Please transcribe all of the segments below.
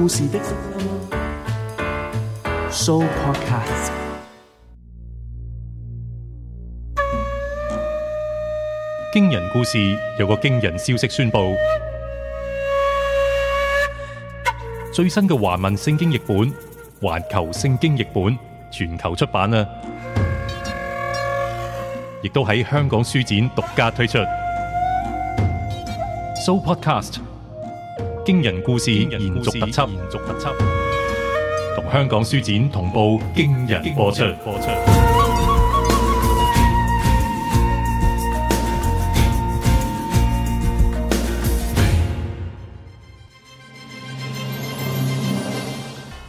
故事的 So Podcast，驚人故事有個驚人消息宣布，最新嘅華文聖經譯本、環球聖經譯本全球出版啊，亦都喺香港書展獨家推出。So Podcast。驚人故事，延續特輯，同香港書展同步，驚人播出。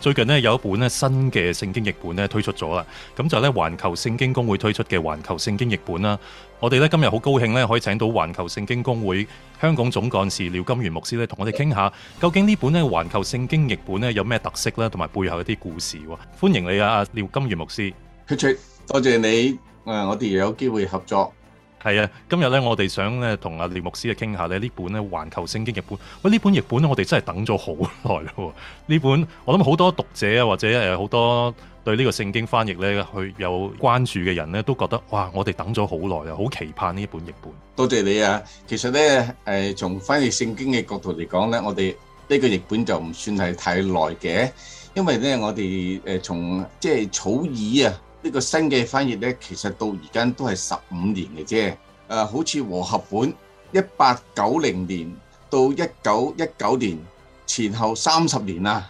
最近咧有一本咧新嘅聖經譯本咧推出咗啦，咁就是咧環球聖經公會推出嘅環球聖經譯本啦。我哋咧今日好高興咧可以請到環球聖經公會香港總幹事廖金元牧師咧同我哋傾下，究竟呢本咧環球聖經譯本咧有咩特色呢？同埋背後一啲故事。歡迎你啊，廖金元牧師。多謝多謝你，誒，我哋有機會合作。啊，今日我哋想咧同阿牧師啊傾下呢這本呢本環球聖經譯本。呢本譯本我哋真係等咗好耐咯，呢本我諗好多讀者或者很好多對呢個聖經翻譯呢去有關注嘅人呢都覺得哇，我哋等咗好耐啊，好期盼呢本譯本。多謝你啊。其實呢、呃、從翻譯聖經嘅角度嚟講咧，我哋呢、這個譯本就唔算係太耐嘅，因為呢我哋從即係草耳呢個新嘅翻譯咧，其實到而家都係十五年嘅啫。誒，好似和合本，一八九零年到一九一九年前後三十年啦，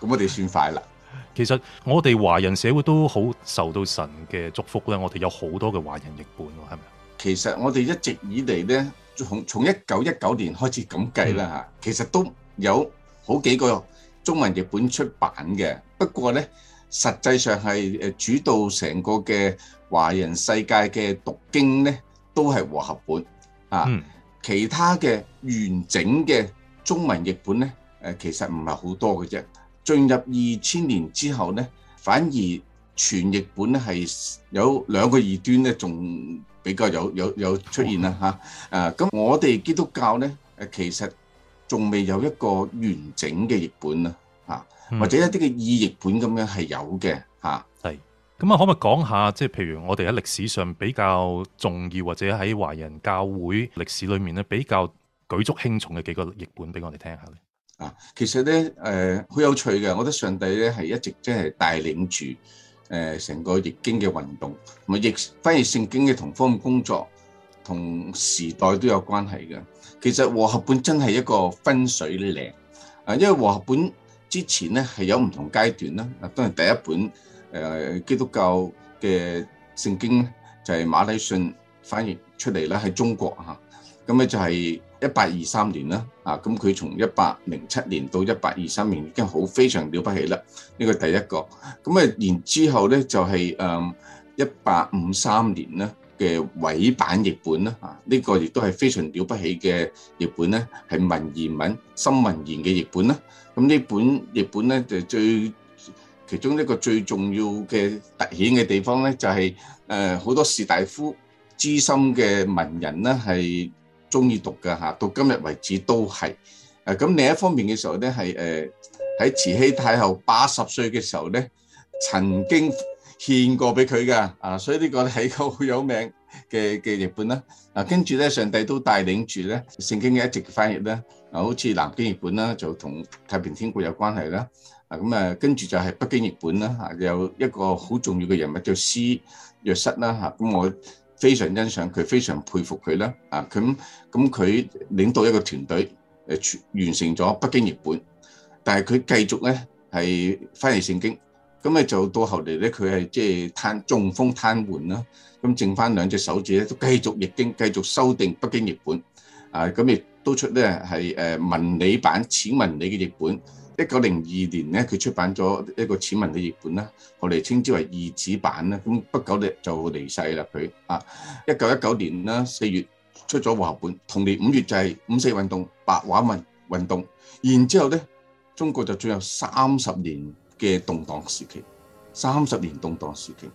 咁我哋算快啦。其實我哋華人社會都好受到神嘅祝福咧，我哋有好多嘅華人譯本喎，係咪？其實我哋一直以嚟咧，從從一九一九年開始咁計啦嚇，其實都有好幾個中文譯本出版嘅，不過咧。實際上係誒主導成個嘅華人世界嘅讀經咧，都係和合本啊，嗯。其他嘅完整嘅中文譯本咧，誒其實唔係好多嘅啫。進入二千年之後咧，反而全譯本咧係有兩個異端咧，仲比較有有有出現啦嚇。誒、啊、咁我哋基督教咧，誒其實仲未有一個完整嘅譯本啊嚇。或者一啲嘅意譯本咁樣係有嘅嚇，係咁啊，可唔可以講下即係、就是、譬如我哋喺歷史上比較重要或者喺華人教會歷史裏面咧比較舉足輕重嘅幾個譯本俾我哋聽下咧？啊，其實咧誒好有趣嘅，我覺得上帝咧係一直即係帶領住誒成個譯經嘅運動同埋譯翻譯聖經嘅同方面工作同時代都有關係嘅。其實和合本真係一個分水嶺啊，因為和合本。之前咧係有唔同階段啦，啊當然第一本誒、呃、基督教嘅聖經咧就係、是、馬禮遜翻譯出嚟啦喺中國嚇，咁咧就係一八二三年啦，啊咁佢從一八零七年到一八二三年已經好非常了不起啦，呢、這個第一個，咁啊然之後咧就係誒一八五三年咧，嘅委辦譯本啦，啊，呢個亦都係非常了不起嘅譯本咧，係文言文、新文言嘅譯本啦。咁呢本譯本咧就最其中一個最重要嘅凸顯嘅地方咧，就是，就係誒好多士大夫、資深嘅文人咧係中意讀嘅吓。到今日為止都係誒。咁、呃、另一方面嘅時候咧，係誒喺慈禧太后八十歲嘅時候咧，曾經。獻過俾佢噶，啊，所以呢個係個好有名嘅嘅譯本啦。啊，跟住咧，上帝都帶領住咧，聖經嘅一直翻譯咧，啊，好似南京譯本啦，就同太平天國有關係啦。啊，咁啊，跟住就係北京譯本啦，嚇，有一個好重要嘅人物叫施約瑟啦，嚇，咁我非常欣賞佢，非常佩服佢啦。啊，咁咁佢領導一個團隊，誒，完成咗北京譯本，但係佢繼續咧係翻譯聖經。咁咧就到後嚟咧，佢係即係癱，中風癱瘓啦。咁剩翻兩隻手指咧，都繼續譯經，繼續修訂北京譯本。啊，咁亦都出咧係誒文理版淺文理嘅譯本。一九零二年咧，佢出版咗一個淺文嘅譯本啦。後嚟稱之為二指版啦。咁不久咧就離世啦佢。啊，一九一九年啦，四月出咗和合本。同年五月就係五四運動，白話文運，運動。然之後咧，中國就進入三十年。嘅動盪時期，三十年動盪時期，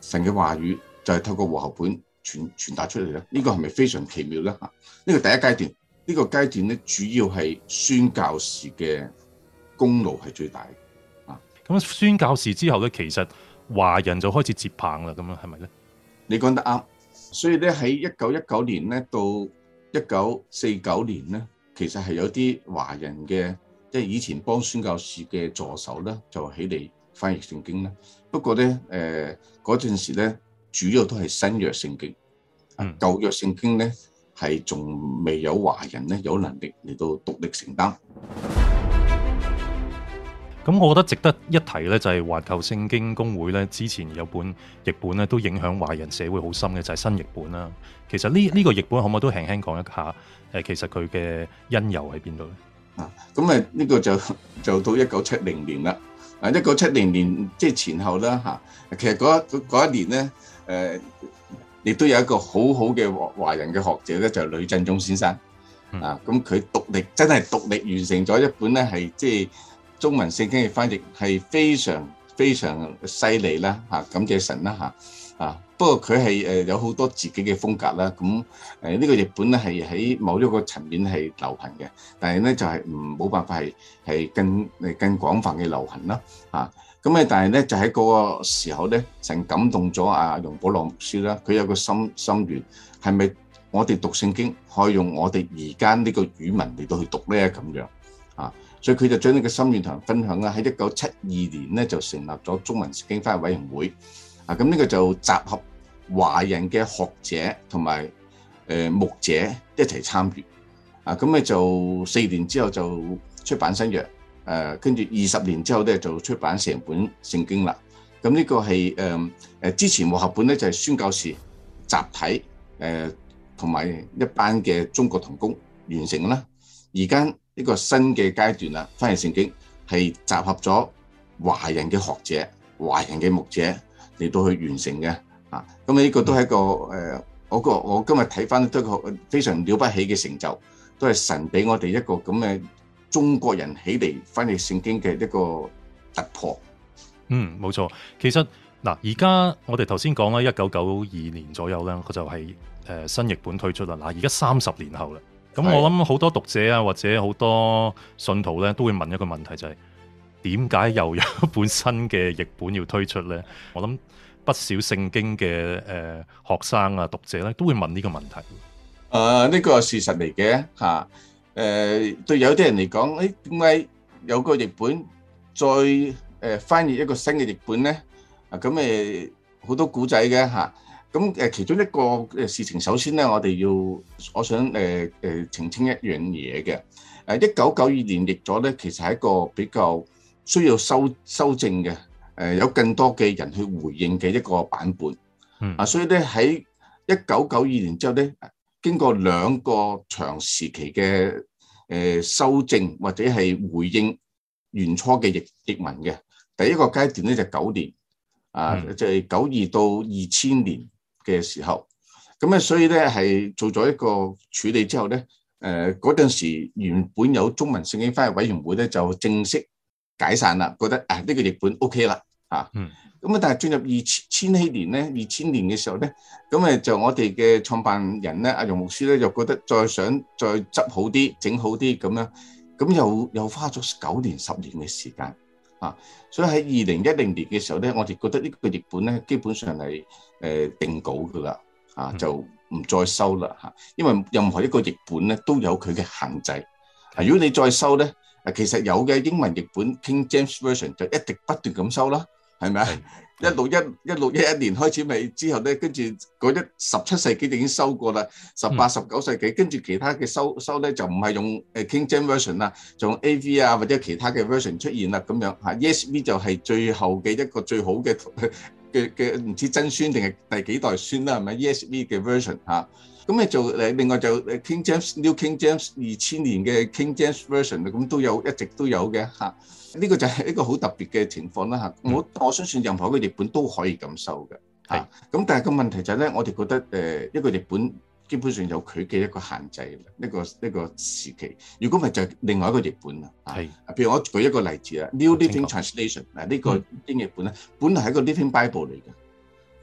神嘅話語就係透過和合本傳傳達出嚟咧，呢、這個係咪非常奇妙咧？呢、這個第一階段，呢、這個階段咧，主要係宣教士嘅功勞係最大嘅啊。咁啊，宣教士之後咧，其實華人就開始接棒啦，咁樣係咪咧？你講得啱，所以咧喺一九一九年咧到一九四九年咧，其實係有啲華人嘅。即係以前幫宣教士嘅助手咧，就起嚟翻譯聖經咧。不過咧，誒嗰陣時咧，主要都係新約聖經，嗯、舊約聖經咧係仲未有華人咧有能力嚟到獨力承擔。咁我覺得值得一提咧，就係環球聖經公會咧之前有一本譯本咧，都影響華人社會好深嘅，就係、是、新譯本啦。其實呢呢、呢個譯本可唔可以都輕輕講一下？誒，其實佢嘅因由喺邊度咧？啊，咁誒呢個就到就到一九七零年啦。啊，一九七零年即係前後啦嚇。其實嗰一一年咧，誒亦都有一個很好好嘅華人嘅學者咧，就係、是、呂振中先生。嗯、啊，咁佢獨力真係獨力完成咗一本咧，係即係中文聖經嘅翻譯，係非常非常犀利啦嚇。感謝神啦嚇。啊！不過佢係誒有好多自己嘅風格啦，咁誒呢個譯本咧係喺某一個層面係流行嘅，但係咧就係唔冇辦法係係更誒更廣泛嘅流行啦。啊，咁咧但係咧就喺嗰個時候咧，成感動咗阿容保羅牧師啦。佢有個心心願，係咪我哋讀聖經可以用我哋而家呢個語文嚟到去讀咧？咁樣啊，所以佢就將呢個心願同人分享啦。喺一九七二年咧就成立咗中文聖經翻譯委員會。啊！咁呢個就集合華人嘅學者同埋牧者一齊參與啊！咁咧就四年之後就出版新約誒，跟住二十年之後呢就出版成本聖經啦。咁呢個係誒、嗯、之前和合本呢，就係宣教士集體誒同埋一班嘅中國同工完成啦。而家呢個新嘅階段啦，翻譯聖經係集合咗華人嘅學者、華人嘅牧者，嚟到去完成嘅，啊，咁、這、呢個都係一個誒、嗯呃，我個我今日睇翻都係一個非常了不起嘅成就，都係神俾我哋一個咁嘅中國人起嚟翻譯聖經嘅一個突破。嗯，冇錯，其實嗱，而、啊、家我哋頭先講啦，一九九二年左右啦，佢就係、是、誒、呃、新譯本推出啦，嗱、啊，而家三十年後啦，咁我諗好多讀者啊，或者好多信徒咧，都會問一個問題就係、是。點解又有本新嘅譯本要推出咧？我諗不少聖經嘅誒學生啊讀者咧都會問呢個問題。誒呢個係事實嚟嘅嚇誒對有啲人嚟講，誒點解有個譯本再誒翻譯一個新嘅譯本咧？啊咁誒好多古仔嘅嚇咁誒其中一個嘅事情，首先咧我哋要我想誒誒澄清一樣嘢嘅誒一九九二年譯咗咧，其實係一個比較。需要修修正嘅，誒有更多嘅人去回應嘅一個版本，啊，所以咧喺一九九二年之後咧，經過兩個長時期嘅誒修正或者係回應原初嘅譯譯文嘅，第一個階段咧就九年，啊，就係九二到二千年嘅時候，咁咧所以咧係做咗一個處理之後咧，誒嗰陣時原本有中文聖經翻譯委員會咧就正式。解散啦，覺得啊呢、這個譯本 O K 啦，嚇、嗯，咁啊但係進入二千千禧年咧，二千年嘅時候咧，咁啊就我哋嘅創辦人咧，阿、啊、楊牧師咧又覺得再想再執好啲整好啲咁樣，咁又又花咗九年十年嘅時間，啊，所以喺二零一零年嘅時候咧，我哋覺得個日呢個譯本咧基本上係誒、呃、定稿噶啦，啊、嗯、就唔再收啦嚇，因為任何一個譯本咧都有佢嘅限制，啊如果你再收咧。其實有嘅英文譯本 King James Version 就一直不斷咁收啦，係咪啊？一六一一六一一年開始咪之後咧，跟住嗰一十七世紀就已經收過啦，十八十九世紀、嗯、跟住其他嘅收收咧就唔係用誒 King James Version 啦，仲用 AV 啊或者其他嘅 version 出現啦咁樣嚇。ESV 就係最後嘅一個最好嘅嘅嘅唔知真孫定係第幾代孫啦，係咪？ESV 嘅 version 啊。咁就另外就 King James New King James 二千年嘅 King James Version 咁都有一直都有嘅嚇。呢、啊這個就係一個好特別嘅情況啦、啊 mm. 我我相信任何一個譯本都可以咁收嘅，係、啊。咁、mm. 但係個問題就係、是、咧，我哋覺得誒、呃、一個譯本基本上有佢嘅一個限制，呢、這個一、這個、時期。如果唔係就是另外一個譯本啦，譬、啊 mm. 如我舉一個例子、mm. New Living Translation 嗱、mm. 呢個英譯本咧，本來係一個 Living Bible 嚟嘅。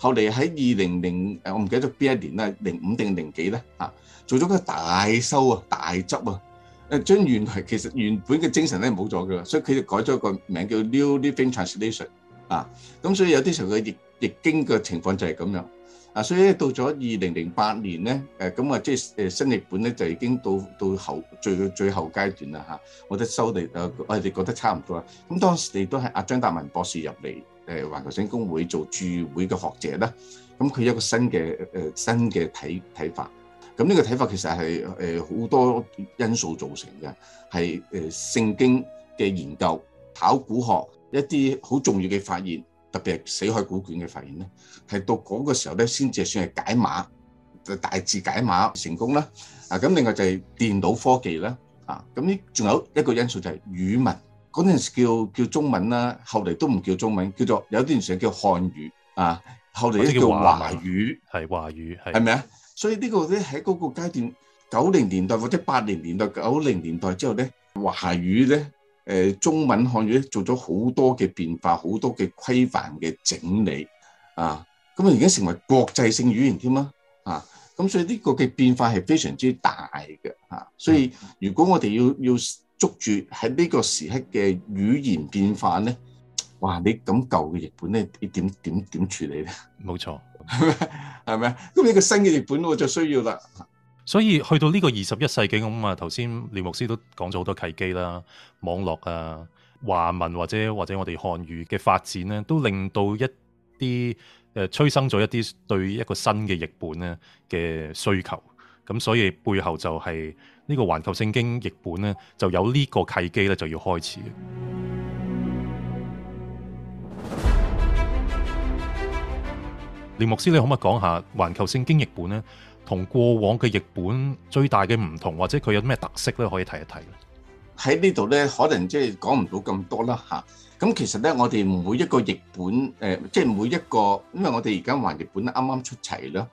後嚟喺二零零誒，我唔記得咗邊一年啦，零五定零幾咧嚇，做咗個大修啊，大執啊，誒將原來其實原本嘅精神咧冇咗嘅，所以佢就改咗個名叫 New Living Translation 啊，咁所以有啲時候佢譯譯經嘅情況就係咁樣啊，所以到咗二零零八年咧，誒咁啊即係誒新譯本咧就已經到到後最最後階段啦嚇、啊，我得收定誒，我、啊、哋覺得差唔多啦，咁當時你都係阿張達文博士入嚟。誒環球聖工會做駐會嘅學者咧，咁佢有一個新嘅誒新嘅睇睇法，咁呢個睇法其實係誒好多因素造成嘅，係誒聖經嘅研究、考古學一啲好重要嘅發現，特別係死海古卷嘅發現咧，係到嗰個時候咧先至算係解碼，大致解碼成功啦。啊，咁另外就係電腦科技啦，啊，咁呢仲有一個因素就係語文。嗰陣時叫叫中文啦，啊，後嚟都唔叫中文，叫做有段時間叫漢語啊，後嚟咧叫華語，係華語係咪啊？所以個呢個咧喺嗰個階段，九零年代或者八零年代，九零年，年代之後咧，華語咧，誒、呃、中文漢語做咗好多嘅變化，好多嘅規範嘅整理啊，咁啊而家成為國際性語言添啦啊，咁所以呢個嘅變化係非常之大嘅嚇、啊，所以如果我哋要要。要捉住喺呢個時刻嘅語言變化咧，哇！你咁舊嘅譯本咧，你點點點處理咧？冇錯，係 咪？咁你個新嘅譯本我就需要啦。所以去到呢個二十一世紀咁啊，頭先廖牧師都講咗好多契機啦，網絡啊、華文或者或者我哋漢語嘅發展咧，都令到一啲誒催生咗一啲對一個新嘅譯本咧嘅需求。咁所以背後就係、是。呢個環球聖經譯本咧，就有呢個契機咧，就要開始。尼牧師，你可唔可以講下環球聖經譯本咧，同過往嘅譯本最大嘅唔同，或者佢有咩特色咧，可以睇一睇？喺呢度咧，可能即係講唔到咁多啦嚇。咁其實咧，我哋每一個譯本誒，即係每一個，因為我哋而家環譯本啱啱出齊啦。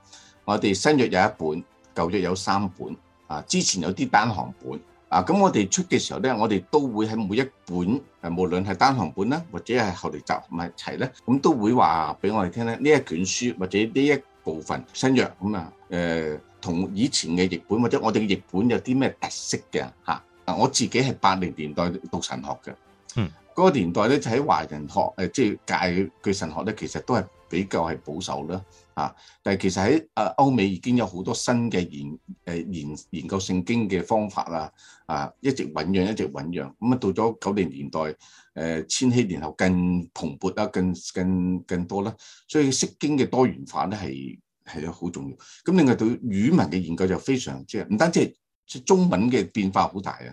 我哋新約有一本，舊約有三本。啊！之前有啲單行本啊，咁我哋出嘅時候咧，我哋都會喺每一本，無論係單行本啦，或者係後嚟集埋一齊咧，咁都會話俾我哋聽咧，呢一卷書或者呢一部分新約咁啊，誒、呃、同以前嘅譯本或者我哋嘅譯本有啲咩特色嘅嚇？啊，我自己係八零年代讀神學嘅，嗯，嗰、那個年代咧就喺華人學誒，即係界嘅神學咧，其實都係。比較係保守啦，啊，但係其實喺誒歐美已經有好多新嘅研誒研、呃、研究聖經嘅方法啦，啊，一直醖釀，一直醖釀，咁、嗯、啊到咗九零年代，誒、呃、千禧年後更蓬勃啦，更更更多啦，所以釋經嘅多元化咧係係好重要。咁另外對語文嘅研究就非常即係唔單止係即係中文嘅變化好大啊，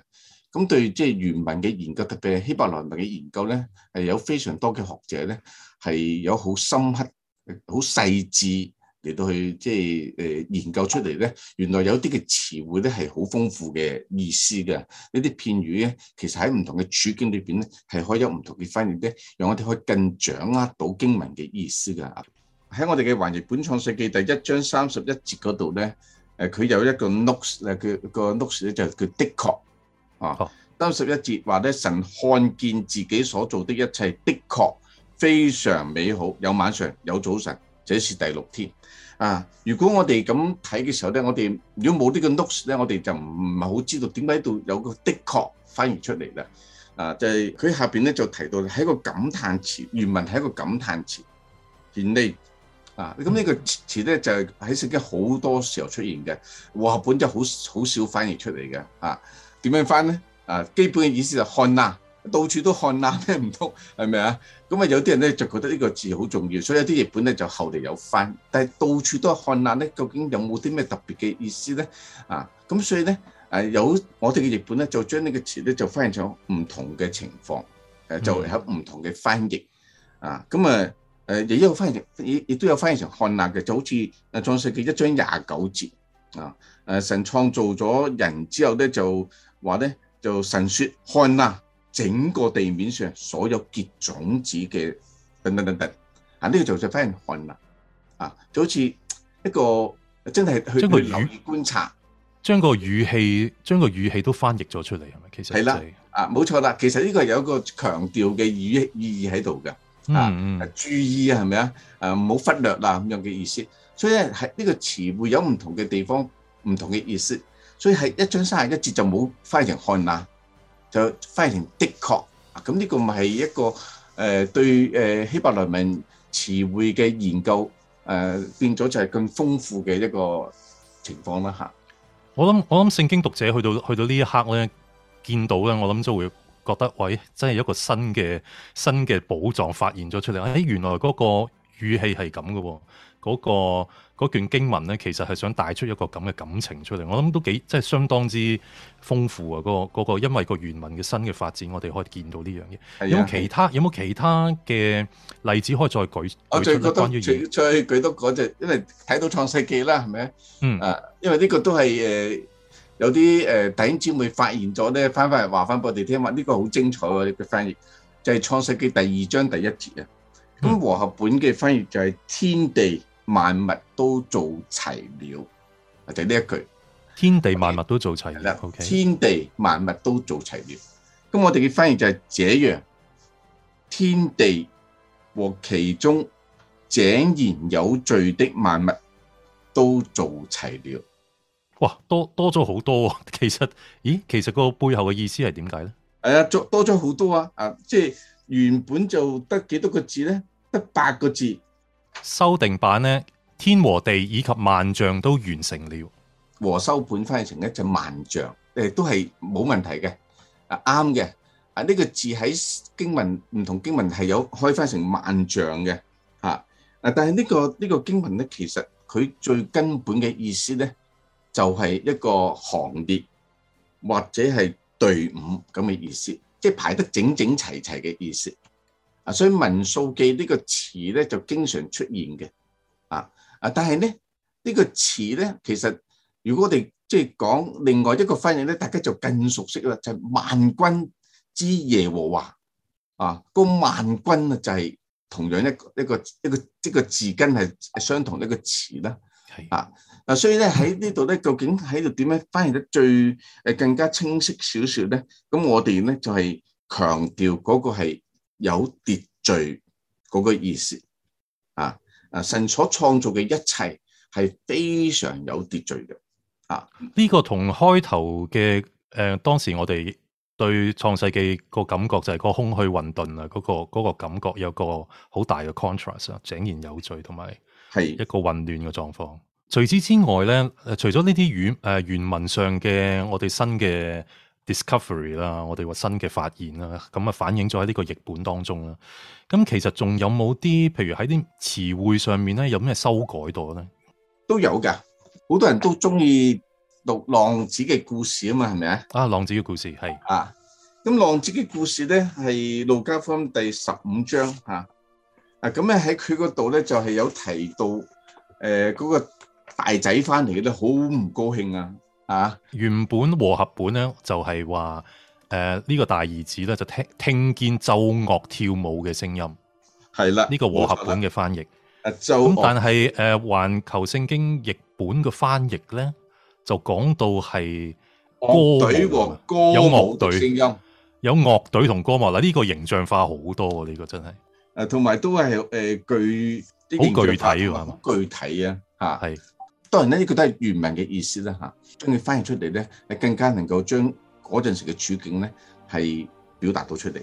咁對即係原文嘅研究，特別係希伯來文嘅研究咧，係有非常多嘅學者咧。係有好深刻、好細緻嚟到去，即係誒研究出嚟咧。原來有啲嘅詞彙咧係好豐富嘅意思嘅。呢啲片語咧，其實喺唔同嘅處境裏邊咧，係可以有唔同嘅翻譯嘅，讓我哋可以更掌握到經文嘅意思嘅。喺我哋嘅環節本創世記第一章三十一節嗰度咧，誒佢有一個 note 咧，佢個 note 咧就係叫的確啊。三十一節話咧，神看見自己所做的一切的確。非常美好，有晚上，有早晨，這是第六天啊！如果我哋咁睇嘅時候咧，我哋如果冇呢個 notes 咧，我哋就唔唔係好知道點解度有一個的確翻譯出嚟啦啊！就係、是、佢下邊咧就提到係一個感嘆詞，原文係一個感嘆詞，and 啊咁呢個詞咧就係喺聖經好多時候出現嘅，和合本就好好少翻譯出嚟嘅啊，點樣翻咧啊？基本嘅意思就看哪。到處都漢娜咧，唔通係咪啊？咁啊有啲人咧就覺得呢個字好重要，所以有啲日本咧就後嚟有翻，但係到處都漢娜咧，究竟有冇啲咩特別嘅意思咧？啊，咁所以咧誒有我哋嘅日本咧就將呢個詞咧就翻譯咗唔同嘅情況，誒就喺唔同嘅翻譯、嗯、啊，咁啊誒亦都有翻譯亦亦都有翻譯成漢娜嘅，就好似《創世記》一章廿九節啊，誒神創造咗人之後咧就話咧就神説漢娜。整個地面上所有結種子嘅等等等等啊，呢、這個就係翻譯漢文啊，就好似一個真係去留意觀察，將個語氣將個語氣都翻譯咗出嚟係咪？其實係、就、啦、是，啊冇錯啦，其實呢個係有一個強調嘅語意義喺度嘅啊，注意啊，係咪啊？誒、啊，唔好忽略啦、啊、咁樣嘅意思，所以係呢個詞彙有唔同嘅地方，唔同嘅意思，所以係一張三廿一節就冇翻譯成漢 Course, 就發現的確，咁呢個唔係一個誒、呃、對誒希伯來文詞彙嘅研究誒、呃、變咗就係更豐富嘅一個情況啦嚇。我諗我諗聖經讀者去到去到呢一刻咧，見到咧，我諗就會覺得喂、哎，真係一個新嘅新嘅寶藏發現咗出嚟、哎。原來嗰個語氣係咁嘅喎，嗰、嗰個。嗰段經文咧，其實係想帶出一個咁嘅感情出嚟，我諗都幾即係相當之豐富啊！嗰、嗰個因為個原文嘅新嘅發展，我哋可以見到呢樣嘢。有冇其他？的有冇其他嘅例子可以再舉？我最嗰度最舉到嗰隻，因為睇到創世記啦，係咪？嗯啊，因為呢個都係誒有啲誒頂姐妹發現咗咧，翻翻嚟話翻俾我哋聽話，呢、呢個好精彩喎！嘅翻譯就係、係、創世記第二章第一節啊。咁和合本嘅翻譯就係、係、天地。嗯萬物都做齊了，就係呢一句。天地萬物都做齊啦。了 okay. 天地萬物都做齊了。咁我哋嘅翻譯就係這樣，天地和其中井然有序的萬物都做齊了。哇，多多咗好多啊。其實，咦，其實個背後嘅意思係點解咧？係啊，多多咗好多啊！啊，即係原本就得幾多個字咧？得八個字。修訂版呢，天和地以及萬象都完成了。和修本翻成一只萬象，誒，都係冇問題嘅。啊，啱嘅。啊，呢個字喺經文唔同經文係有開翻成萬象嘅。啊，啊，但係呢個呢個經文呢，其實佢最根本嘅意思呢，就係一個行列或者係隊伍咁嘅意思，即係排得整整齊齊嘅意思。啊，所以民數記這個詞呢個詞咧就經常出現嘅，啊啊，但係咧呢、這個詞咧，其實如果我哋即係講另外一個翻譯咧，大家就更熟悉啦，就係、萬軍之耶和華啊，個萬軍啊就係同樣一個一個一個即個，個，個字根係相同一個詞啦，係啊，嗱，所以咧喺呢度咧，究竟喺度點樣翻譯得最誒更加清晰少少咧？咁我哋咧就係強調嗰個係。有秩序嗰個意思啊！啊，神所創造嘅一切係非常有秩序嘅啊！呢、這個同開頭嘅誒，當時我哋對創世紀個感覺就係個空虛混沌啊，嗰、那個、那個感覺有個好大嘅 contrast 啊，井然有序同埋係一個混亂嘅狀況。除此之外咧，誒，除咗呢啲原誒原文上嘅我哋新嘅。Discovery 啦，我哋話新嘅發現啦，咁啊反映咗喺呢個譯本當中啦。咁其實仲有冇啲，譬如喺啲詞彙上面咧，有咩修改到咧？都有噶，好多人都中意讀浪子嘅故事啊嘛，係咪啊？啊，浪子嘅故事係啊，咁浪子嘅故事咧係路加福音第十五章吓啊，咁咧喺佢嗰度咧就係有提到誒嗰、呃嗰個大仔翻嚟，佢都好唔高興啊。啊！原本和合本咧就係話誒呢個大兒子咧就聽聽見奏樂跳舞嘅聲音係啦，呢、這個和合本嘅翻譯咁，但係誒環球聖經譯本嘅翻譯咧就講到係歌、哦哦、歌舞有樂隊，有樂隊和歌舞隊聲音有樂隊同歌舞嗱呢個形象化好多啊呢、這個真係誒同埋都係誒、呃、具好具體、啊、具體啊吓係。當然呢、這個都係原文嘅意思啦嚇，將、啊、佢翻譯出嚟咧，係更加能夠將嗰陣時嘅處境咧係表達到出嚟。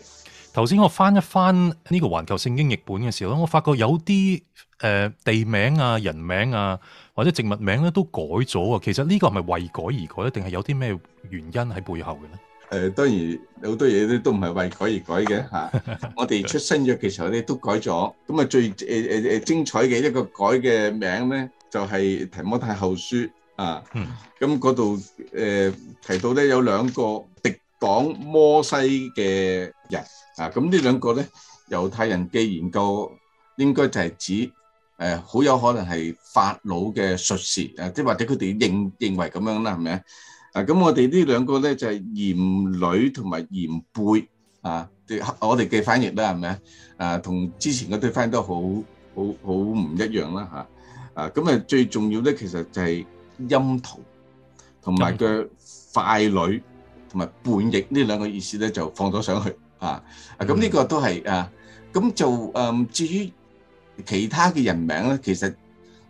頭先我翻一翻呢個環球聖經譯本嘅時候咧，我發覺有啲誒、呃、地名啊、人名啊或者植物名咧都改咗啊。其實呢個係咪為改而改咧？定係有啲咩原因喺背後嘅咧？誒、呃，當然好多嘢都都唔係為改而改嘅嚇。啊、 我哋出新約嘅時候咧都改咗。咁啊最誒誒誒精彩嘅一個改嘅名咧～就係、是、提摩太後書啊，咁嗰度誒提到咧有兩個敵擋摩西嘅人啊，咁呢兩個咧猶太人嘅研究應該就係指誒好、呃、有可能係法老嘅術士誒，即、啊、係或者佢哋認認為咁樣啦，係咪啊？咁我哋呢兩個咧就係、是、鹽女同埋鹽背啊，我哋嘅翻譯啦係咪啊？同之前嗰堆翻譯都好好好唔一樣啦嚇。啊啊，咁啊，最重要咧，其實就係音圖同埋嘅快女同埋叛逆呢兩個意思咧，就放咗上去啊啊！咁呢個都係啊，咁就誒至於其他嘅人名咧，其實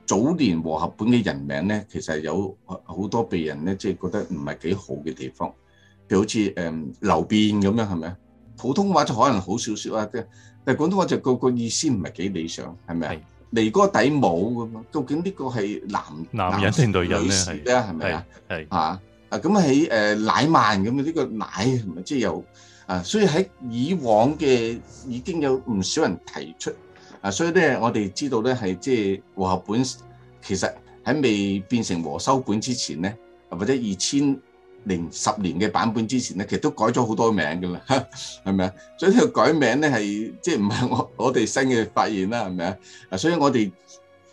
早年和合本嘅人名咧，其實有好多被人咧即係覺得唔係幾好嘅地方，譬如好似誒流便咁樣，係咪啊？普通話就可能好少少啊，但係廣東話就個個意思唔係幾理想，係咪啊？尼哥底母，咁究竟個呢個係男男性、女人咧係咪啊？係啊，啊咁喺奶曼，咁嘅呢個奶係咪即係有。啊？所以喺以往嘅已經有唔少人提出啊，所以咧我哋知道咧係即係和合本其實喺未變成和修本之前咧，或者二千。零十年嘅版本之前咧，其實都改咗好多名噶啦，係咪啊？所以呢個改名咧係即係唔係我我哋新嘅發現啦，係咪啊？啊，所以我哋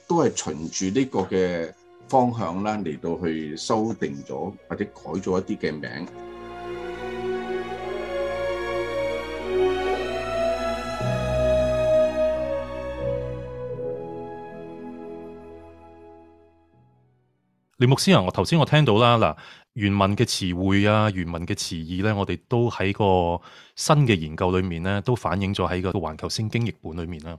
都係循住呢個嘅方向啦嚟到去修訂咗或者改咗一啲嘅名。李牧師，我頭先我聽到啦嗱。原文嘅詞彙啊，原文嘅詞意咧，我哋都喺個新嘅研究裏面咧，都反映咗喺個環球聖經譯本裏面啦。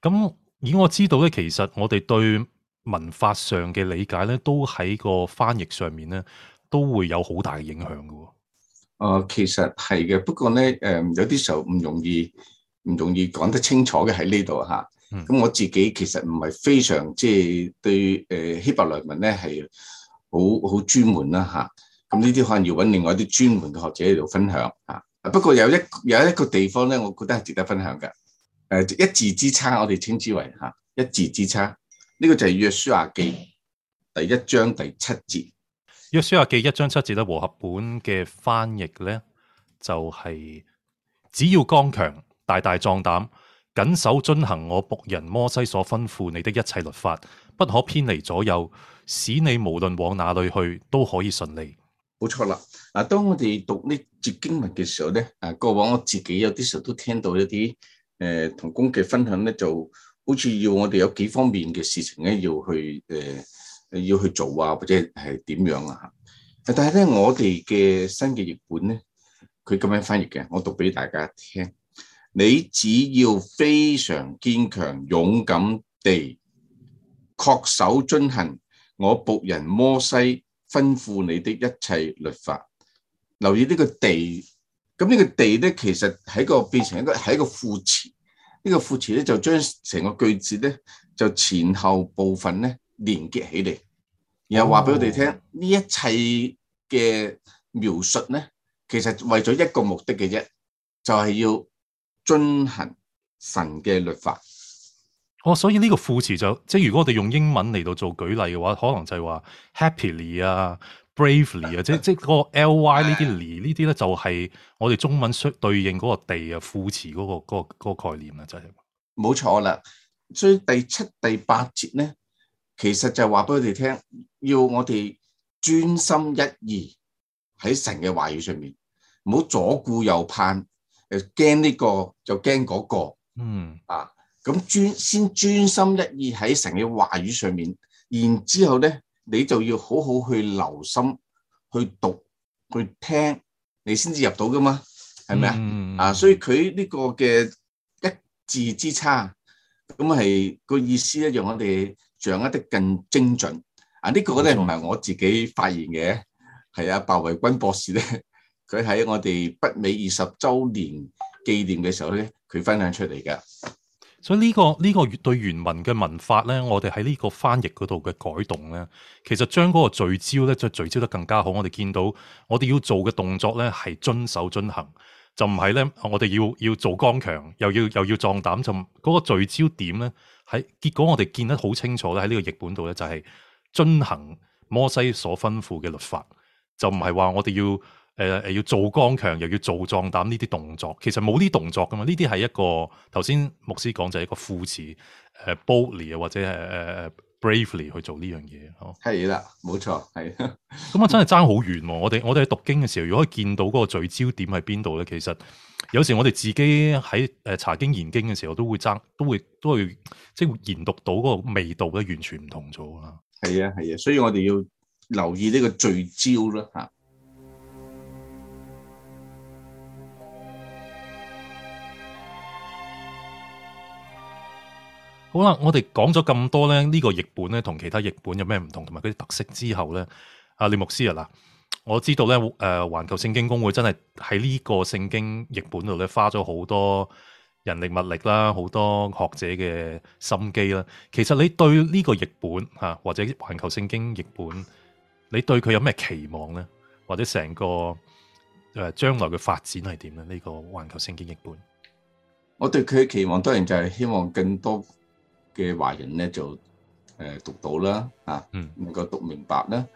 咁以我知道咧，其實我哋對文法上嘅理解咧，都喺個翻譯上面咧，都會有好大嘅影響㗎。啊、呃，其實係嘅，不過咧，誒有啲時候唔容易，唔容易講得清楚嘅喺呢度嚇。咁、嗯、我自己其實唔係非常即係、就是、對誒希伯來文咧係。好好專門啦嚇，咁呢啲可能要揾另外啲專門嘅學者喺度分享嚇。不過有一有一個地方咧，我覺得係值得分享嘅。誒一字之差，我哋稱之為嚇一字之差。呢個就係約書亞記第一章第七節。約書亞記一章七節咧，和合本嘅翻譯咧就係只要剛強，大大壯膽。謹守遵行我僕人摩西所吩咐你的一切律法，不可偏離左右，使你無論往哪裏去都可以順利。冇錯啦。嗱，當我哋讀呢節經文嘅時候咧，啊，過往我自己有啲時候都聽到一啲誒、呃，同工嘅分享咧，就好似要我哋有幾方面嘅事情咧，要去誒、呃，要去做啊，或者係點樣啊。但係咧，我哋嘅新嘅譯本咧，佢咁樣翻譯嘅，我讀俾大家聽。你只要非常堅強、勇敢地確守遵行我僕人摩西吩咐你的一切律法。留意呢個地，咁呢個地咧，其實喺個變成一個係一個副詞。這個、附詞呢個副詞咧，就將成個句子咧，就前後部分咧連結起嚟，然後話俾我哋聽呢、哦、一切嘅描述咧，其實為咗一個目的嘅啫，就係、是、要。遵行神嘅律法，哦，所以呢個副詞就即係如果我哋用英文嚟到做舉例嘅話，可能就係話 happily 啊，bravely 啊， 即係即係嗰個 ly 呢啲呢啲咧，就係我哋中文相對應嗰個地啊副詞嗰個、嗰個、嗰個、嗰個概念啦、就係，真係冇錯啦。所以第七、第八節咧，其實就話俾我哋聽，要我哋專心一意喺神嘅話語上面，唔好左顧右盼。誒、這個，驚呢個就驚嗰、那個，嗯啊，咁專先專心一意喺成個話語上面，然之後咧，你就要好好去留心，去讀，去聽，你先至入到噶嘛，係咪啊？啊，所以佢呢個嘅一字之差，咁係、那個意思咧，讓我哋掌握得更精準。啊，這個、呢個咧唔係我自己發現嘅，係阿白維君博士咧。佢喺我哋北美二十周年紀念嘅時候咧，佢分享出嚟嘅。所以呢個呢個對原文嘅文法咧，我哋喺呢個翻譯嗰度嘅改動咧，其實將嗰個聚焦咧，即聚焦得更加好。我哋見到我哋要做嘅動作咧，係遵守遵行，就唔係咧，我哋要要做剛強，又要又要壯膽，就嗰個聚焦點咧，喺結果我哋見得好清楚咧，喺呢個譯本度咧，就係遵行摩西所吩咐嘅律法，就唔係話我哋要。誒、呃、誒，要做剛強，又要做壯膽，呢啲動作其實冇呢啲動作噶嘛？呢啲係一個頭先牧師講就係一個副詞，誒、uh,，boldly、uh, 啊，或者誒誒 bravely 去做呢樣嘢。嗬，係啦，冇錯，係。咁啊，真係爭好遠。我哋我哋喺讀經嘅時候，如果可以見到嗰個聚焦點喺邊度咧，其實有時候我哋自己喺誒查經研經嘅時候都，都會爭，都會都會即係研讀到嗰個味道咧，完全唔同咗啦。係啊係啊，所以我哋要留意呢個聚焦啦吓。好啦，我哋講咗咁多咧，呢個譯本咧同其他譯本有咩唔同，同埋佢啲特色之後咧，阿李牧師啊，嗱，我知道咧，誒環球聖經公會真係喺呢個聖經譯本度咧花咗好多人力物力啦，好多學者嘅心機啦。其實你對呢個譯本吓，或者環球聖經譯本，你對佢有咩期望咧？或者成個誒將來嘅發展係點咧？呢個環球聖經譯本，我對佢嘅期望當然就係希望更多。嘅華人咧就誒、呃、讀到啦，啊，能夠讀明白啦，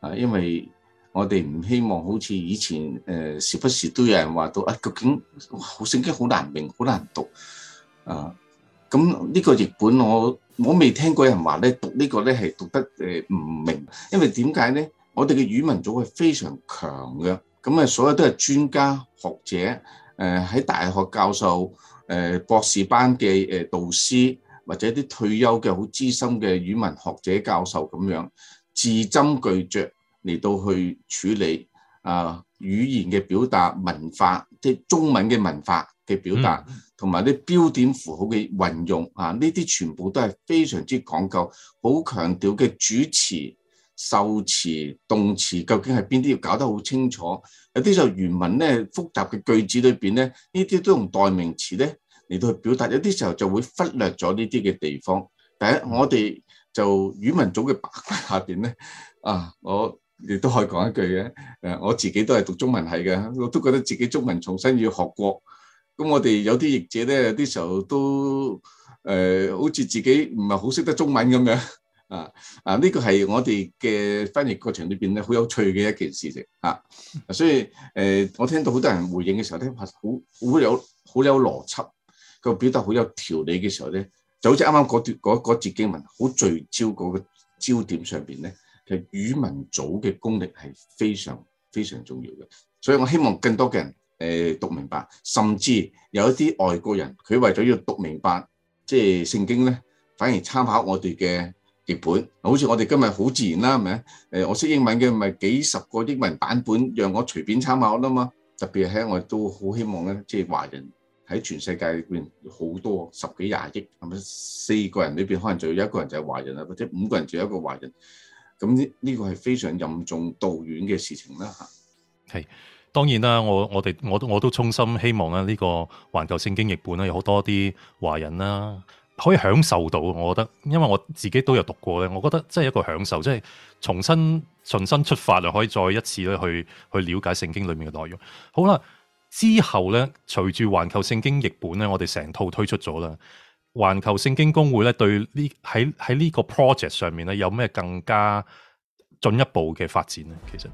啊，因為我哋唔希望好似以前誒、呃、時不時都有人話到啊，究竟好聖經好難明，好難讀啊，咁呢個譯本我我未聽過人話咧讀這個呢個咧係讀得誒唔明，因為點解咧？我哋嘅語文組係非常強嘅，咁啊所有都係專家學者，誒、呃、喺大學教授，誒、呃、博士班嘅誒、呃、導師。或者啲退休嘅好資深嘅語文學者教授咁樣字斟句酌嚟到去處理啊、呃、語言嘅表達文化，即係中文嘅文化嘅表達，同埋啲標點符號嘅運用啊，呢啲全部都係非常之講究，好強調嘅主詞、受詞、動詞究竟係邊啲要搞得好清楚。有啲就原文咧複雜嘅句子裏邊咧，呢啲都用代名詞咧。嚟到去表達，有啲時候就會忽略咗呢啲嘅地方。第一，我哋就語文組嘅白話下邊咧，啊，我亦都可以講一句嘅。誒，我自己都係讀中文系嘅，我都覺得自己中文重新要學過。咁我哋有啲譯者咧，有啲時候都誒、呃，好似自己唔係好識得中文咁樣。啊啊，呢、這個係我哋嘅翻譯過程裏邊咧，好有趣嘅一件事嘅。啊，所以誒、呃，我聽到好多人回應嘅時候咧，話好好有好有邏輯。個表達好有條理嘅時候咧，就好似啱啱嗰段嗰嗰節經文，好聚焦嗰個焦點上邊咧，其實語文組嘅功力係非常非常重要嘅。所以我希望更多嘅人誒、呃、讀明白，甚至有一啲外國人佢為咗要讀明白即係、就是、聖經咧，反而參考我哋嘅譯本。好似我哋今日好自然啦，係咪？誒，我識英文嘅咪幾十個英文版本，讓我隨便參考啦嘛。特別係我都好希望咧，即、就、係、是、華人。喺全世界裏邊好多十幾廿億，咁樣四個人裏邊可能仲有一個人就係華人啦，或者五個人仲有一個華人，咁呢呢個係非常任重道遠嘅事情啦嚇。係當然啦，我我哋我都我都衷心希望啦，呢個環球聖經譯本咧，有好多啲華人啦可以享受到，我覺得，因為我自己都有讀過咧，我覺得真係一個享受，即係重新重新出發就可以再一次咧去去了解聖經裏面嘅內容。好啦。之後咧，隨住環球聖經譯本咧，我哋成套推出咗啦。環球聖經公會咧，對呢喺喺呢個 project 上面咧，有咩更加進一步嘅發展咧？其實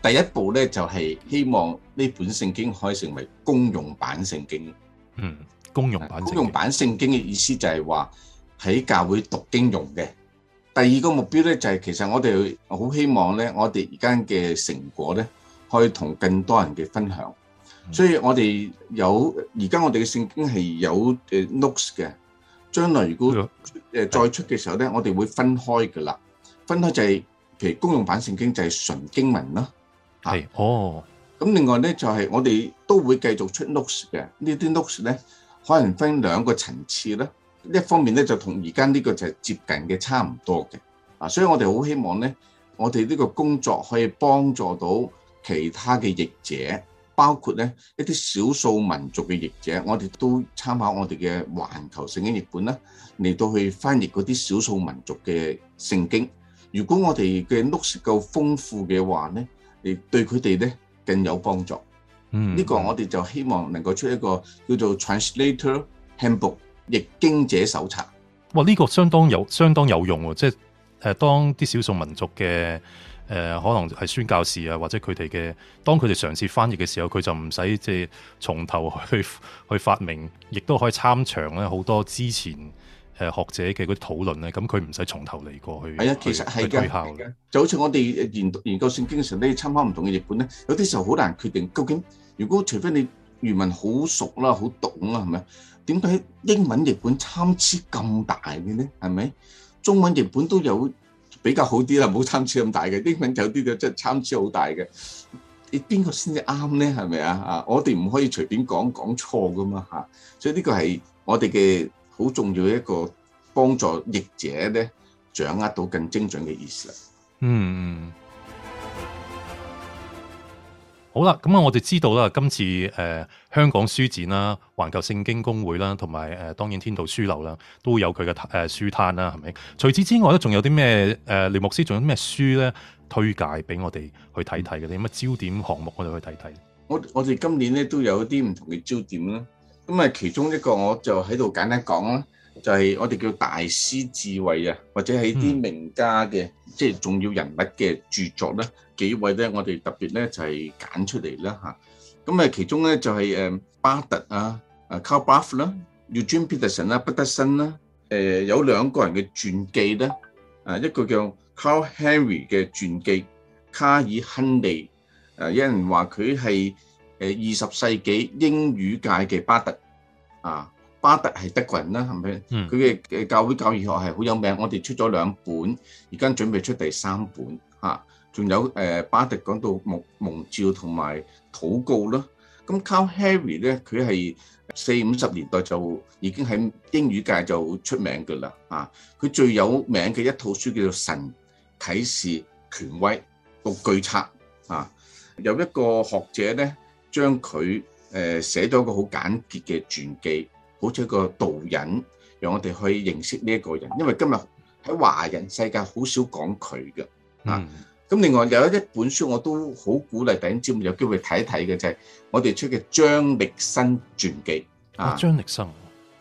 第一步咧，就係希望呢本聖經可以成為公用版聖經。嗯，公用版公用版聖經嘅意思就係話喺教會讀經用嘅。第二個目標咧，就係其實我哋好希望咧，我哋而家嘅成果咧，可以同更多人嘅分享。所以我哋有而家我哋嘅聖經係有誒 notes 嘅，將來如果誒、呃、再出嘅時候咧，我哋會分開噶啦。分開就係、是、譬如公用版聖經就係純經文啦。係哦。咁、啊、另外咧就係、是、我哋都會繼續出 notes 嘅。Notes 呢啲 notes 咧可能分兩個層次咧。一方面咧就同而家呢個就係接近嘅差唔多嘅。啊，所以我哋好希望咧，我哋呢個工作可以幫助到其他嘅譯者。包括咧一啲少數民族嘅譯者，我哋都參考我哋嘅環球聖經譯本啦，嚟到去翻譯嗰啲少數民族嘅聖經。如果我哋嘅 notes 夠豐富嘅話咧，亦對佢哋咧更有幫助。嗯，呢個我哋就希望能夠出一個叫做 translator handbook 譯經者手冊。哇！呢個相當有，相當有用喎。即係誒，當啲少數民族嘅。誒、呃、可能係宣教士啊，或者佢哋嘅當佢哋嘗試翻譯嘅時候，佢就唔使即係從頭去去發明，亦都可以參詳咧好多之前誒、呃、學者嘅啲討論咧。咁佢唔使從頭嚟過去。係啊，其實係嘅，就好似我哋研究研究聖經常都要你參考唔同嘅譯本咧，有啲時候好難決定究竟，如果除非你原文好熟啦、啊、好懂啦、啊，係咪？點解英文譯本參差咁大嘅咧？係咪中文譯本都有？比較好啲啦，唔好參差咁大嘅。英文有啲嘅真係參差好大嘅，你邊個先至啱咧？係咪啊？啊，我哋唔可以隨便講講錯噶嘛嚇。所以呢個係我哋嘅好重要嘅一個幫助譯者咧，掌握到更精準嘅意思啦。嗯。好啦，咁啊，我哋知道啦，今次誒、呃、香港書展啦、環球聖經公會啦，同埋誒當然天道書樓啦，都有佢嘅誒書攤啦，係咪？除此之外咧，仲有啲咩誒尼牧師，仲、呃、有啲咩書咧，推介俾我哋去睇睇嘅？你、嗯、乜焦點項目我哋去睇睇。我我哋今年咧都有一啲唔同嘅焦點啦，咁啊其中一個我就喺度簡單講啦。就係、是、我哋叫大師智慧啊，或者係啲名家嘅、嗯、即係重要人物嘅著作咧，幾位咧我哋特別咧就係、是、揀出嚟啦嚇。咁、啊、誒其中咧就係、是、誒巴特啊、啊 Karl Barth 啦、Eugene Peterson 啦、彼得森啦。誒、啊、有兩個人嘅傳記咧，誒、啊、一個叫 Carl Henry 嘅傳記，卡爾亨利。誒、啊、有人話佢係誒二十世紀英語界嘅巴特啊。巴特係德國人啦，係咪？佢嘅嘅教會教義學係好有名，我哋出咗兩本，而家準備出第三本吓。仲、啊、有誒、呃、巴特講到蒙蒙召同埋禱告啦。咁、啊、Carl Henry 咧，佢係四五十年代就已經喺英語界就出名㗎喇。啊，佢最有名嘅一套書叫做《神啟示權威》六巨冊啊。有一個學者咧，將佢誒、呃、寫咗一個好簡潔嘅傳記。好似一個導引，讓我哋去認識呢一個人，因為今日喺華人世界好少講佢嘅啊。咁另外有一本書我都好鼓勵，等二朝有機會睇一睇嘅就係、是、我哋出嘅《張力新傳記》啊，啊《張力新》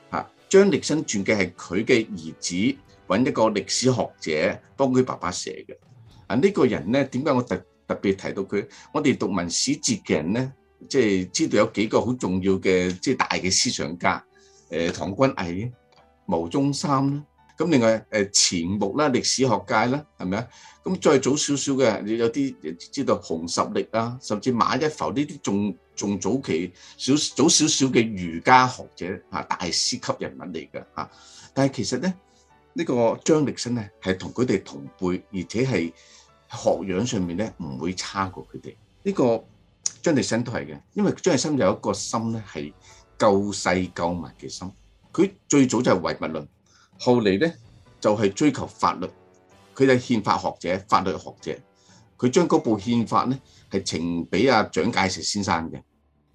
啊，《張力新傳記》係佢嘅兒子揾一個歷史學者幫佢爸爸寫嘅啊。呢、這個人咧點解我特特別提到佢？我哋讀文史哲嘅人咧，即、就、係、是、知道有幾個好重要嘅即係大嘅思想家。誒唐君毅牟宗三啦，咁另外誒錢穆啦、歷史學界啦，係咪啊？咁再早少少嘅，你有啲知道熊十力啊，甚至馬一浮呢啲仲仲早期少早少少嘅儒家學者嚇，大師級人物嚟㗎嚇。但係其實咧，呢個張力生咧係同佢哋同輩，而且係學養上面咧唔會差過佢哋。呢個張力生都係嘅，因為張力生有一個心咧係。救世救民嘅心，佢最早就係唯物論，後嚟咧就係、是、追求法律，佢係憲法學者、法律學者，佢將嗰部憲法咧係呈俾阿蔣介石先生嘅，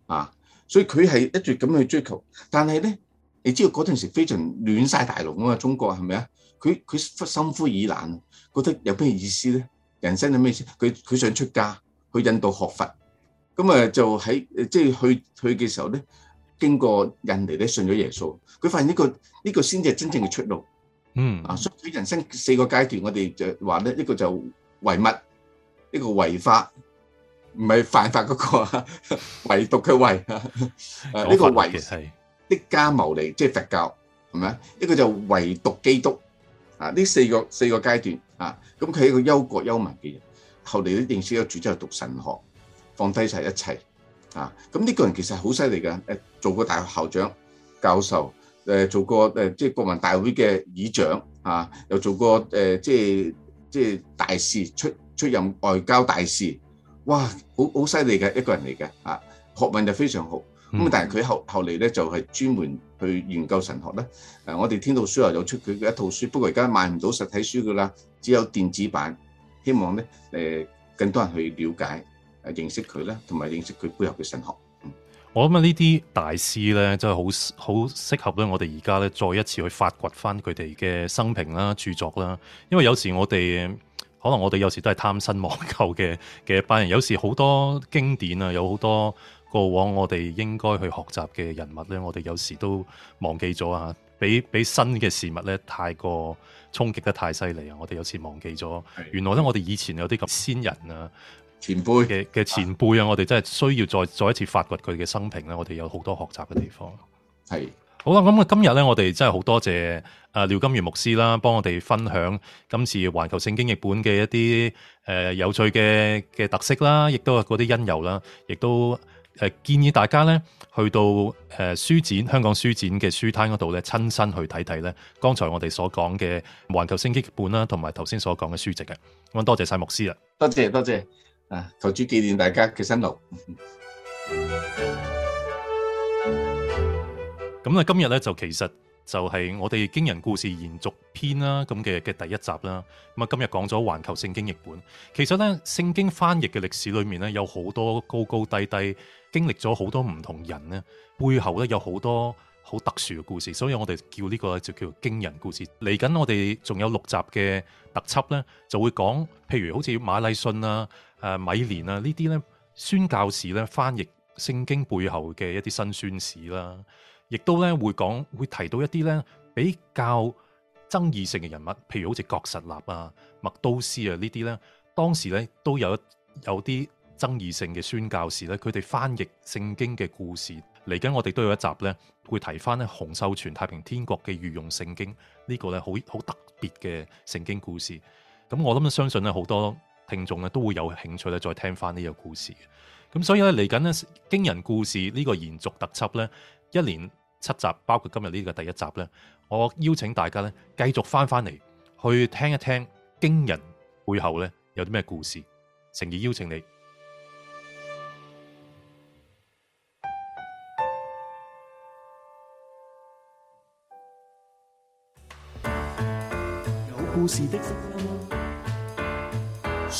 啊，所以佢係一直咁去追求，但係咧，你知道嗰陣時非常亂晒大陸啊嘛，中國係咪啊？佢佢心灰意冷，覺得有咩意思咧？人生有咩意思？佢佢想出家去印度學佛，咁啊就喺即係去去嘅時候咧。經過印尼都信咗耶穌，佢發現呢、這個呢、這個先至係真正嘅出路。嗯，啊，所以人生四個階段，我哋就話咧，一、這個就唯物，一、這個唯法，唔係犯法嗰、那個哈哈，唯獨嘅唯呢、 啊這個世、就是這個、的家謀利即係佛教，係咪一個就唯獨基督啊，呢四個四個階段啊，咁佢係一個憂國憂民嘅人，後嚟都認識咗主之後讀神學，放低晒一切。啊，咁、這、呢個人其實係好犀利嘅，誒，做過大學校長、教授，誒、呃，做過誒、呃，即係國民大會嘅議長，啊，又做過誒、呃，即係即係大使，出出任外交大使，哇，好好犀利嘅一個人嚟嘅，啊，學問就非常好，咁、嗯、但係佢後後嚟咧就係、是、專門去研究神學咧，誒、啊，我哋天道書樓有出佢嘅一套書，不過而家買唔到實體書噶啦，只有電子版，希望咧誒、呃、更多人去了解。誒認識佢咧，同埋認識佢背後嘅神學。嗯、我諗啊，呢啲大師咧，真係好好適合咧。我哋而家咧，再一次去發掘翻佢哋嘅生平啦、著作啦。因為有時我哋可能我哋有時都係貪新忘舊嘅嘅班人。有時好多經典啊，有好多過往我哋應該去學習嘅人物咧，我哋有時都忘記咗啊！俾俾新嘅事物咧，太過衝擊得太犀利啊！我哋有時忘記咗，原來咧，我哋以前有啲咁先人啊。前輩嘅嘅前輩啊，我哋真係需要再再一次發掘佢嘅生平咧。我哋有好多學習嘅地方。係好啦，咁啊，今日咧，我哋真係好多謝啊廖金源牧師啦，幫我哋分享今次環球聖經譯本嘅一啲誒、呃、有趣嘅嘅特色啦，亦都係嗰啲因由啦，亦都誒建議大家咧去到誒、呃、書展香港書展嘅書攤嗰度咧，親身去睇睇咧。剛才我哋所講嘅環球聖經譯本啦，同埋頭先所講嘅書籍嘅，咁多謝晒牧師啦，多謝多謝。啊！求主紀念大家嘅辛勞咁啊，今日呢，就其實就係我哋驚人故事延續篇啦。咁嘅嘅第一集啦，咁啊，今日講咗環球聖經譯本。其實呢，聖經翻譯嘅歷史裏面呢，有好多高高低低，經歷咗好多唔同人咧，背後呢有好多好特殊嘅故事。所以我哋叫呢個就叫做驚人故事。嚟緊我哋仲有六集嘅特輯呢，就會講，譬如好似馬禮遜啦。誒、啊、米連啊，呢啲呢，宣教士呢，翻譯聖經背後嘅一啲辛酸史啦，亦都呢會講會提到一啲呢比較爭議性嘅人物，譬如好似郭實臘啊、麥都斯啊呢啲呢。當時呢，都有一有啲爭議性嘅宣教士呢，佢哋翻譯聖經嘅故事，嚟緊我哋都有一集呢，會提翻呢洪秀全太平天國嘅御用聖經呢、呢個呢，好好特別嘅聖經故事，咁我諗相信呢好多。聽眾咧，都會有興趣咧，再聽翻呢個故事，咁所以咧嚟緊咧驚人故事呢個延續特輯呢，一年七集，包括今日呢個第一集呢，我邀請大家咧繼續翻翻嚟，去聽一聽驚人背後呢有啲咩故事，誠意邀請你。有故事的。